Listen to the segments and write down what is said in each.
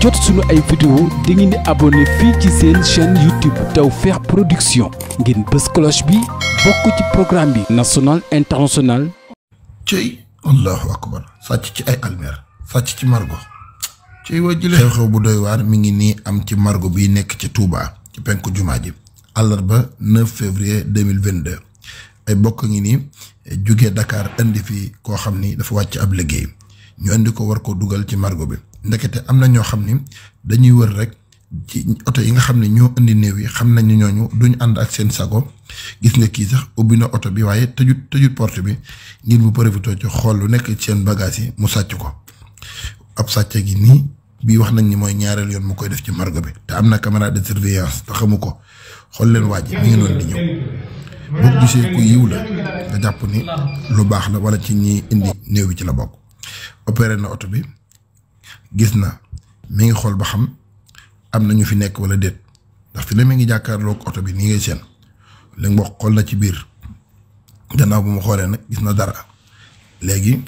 jot suñu ay vidéo da ngeen di abonné fii ci seen chaîne YouTube Tawfekh Production ngeen bës cloche bi bokk ci programme bi national international cëy allahu akbar sàcc ci ay almer sàcc ci margo cëy waa jële xew bu doy waar mi ngi nii am ci margo bi nekk ci Touba ci penku jumaa ji àllarba 9 février 2022 ay bokk ngi ni jóge ndakaar indi fi koo xam ni dafa wàcc ab liggéey ñu indi ko war ko dugal ci margo bi ndekete am na ñoo xam ni dañuy wër rek ci oto yi nga xam ne ñoo indi néew yi xam nañ ne ñooñu duñ ànd ak seen sago gis nga kii sax ubbi na oto bi waaye tëjut tëjut porte bi ngir mu profité ci xool lu nekk ci seen bagage yi mu sàcc ko ab sàcc gi nii bii wax nañ ni mooy ñaareel yoon mu koy def ci margo bi te am na caméra de surveillance te ko xool leen waa ji mi ngi noonu di ñëw boo gisee ku yiw la nga jàpp ni lu baax la wala ci ñi indi néew bi ci la bokk opéré na oto bi. gis na mi ngi xool ba xam am na ñu fi nekk wala déet ndax fi ne mi ngi jàkkaarlook oto bi nii ngay seen léegi wax xool na ci biir gannaaw bu mu xoolee nag gis na dara léegi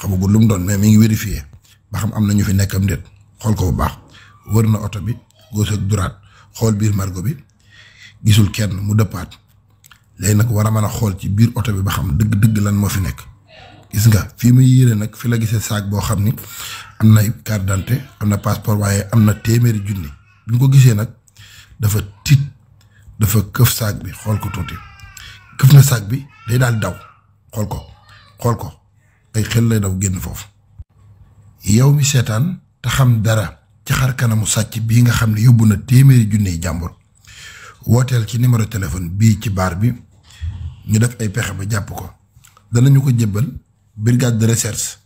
xamagul lu mu doon mais mi ngi vérifié ba xam am na ñu fi nekk am déet xool ko bu baax wër na oto bi gauche ak droite xool biir margo bi gisul kenn mu dëppaat léegi nag war a man a xool ci biir oto bi ba xam dëgg-dëgg lan moo fi nekk. gis nga fii muy yéene nag fi la gisee saag boo xam ni am na carte d'identité am na passeport waaye am na téeméeri junni bi ñu ko gisee nag dafa tiit dafa këf saak bi xool ko tuuti këf na saag bi day daal daw xool ko xool ko ay xel lay daw génn foofu. yow mi seetaan te xam dara ci xar kanamu sàcc bii nga xam ne yóbbu na téeméeri junni jàmbur wooteel ci numéro téléphone bii ci baar bi ñu def ay pexe ba jàpp ko danañu ko jébbal. brigade de recherche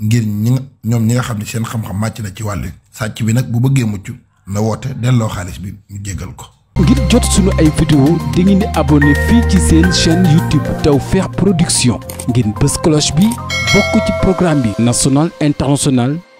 ngir ñi ñoom ñi nga xam ne seen xam-xam màcc na ci wàll sàcc bi nag bu bëggee mucc na woote delloo xaalis bi ñu jéggal ko. ngir jot suñu ay vidéo di ngeen di abonné fii ci seen chaîne YouTube Tawfekh Production ngeen bës cloche bi bokk ci programme bi national international.